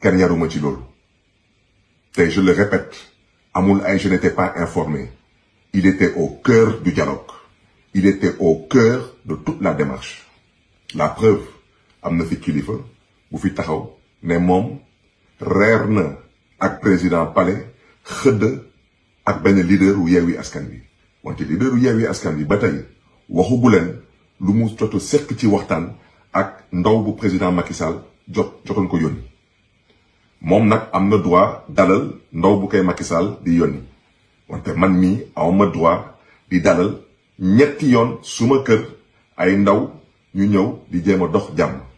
carrière ma ci loolu je le répète Amoul ay je n'étais pas informé il était au cœur du dialogue il était au cœur de toute la démarche la preuve am na kilifa bu fi taxaw ne moom président palais Khede, ak ben leader wu Yewi askan wi leader wu Yewi askan wi ba tey waxu lu ak ndaw président Makissal, Jokon jot moom nag am na droit dalal ndaw bu kay Macky Sall di yónni wante man mii awma droit di dalal ñetti yoon suma kër ay ndaw ñu ñëw di jéem a dox jàmm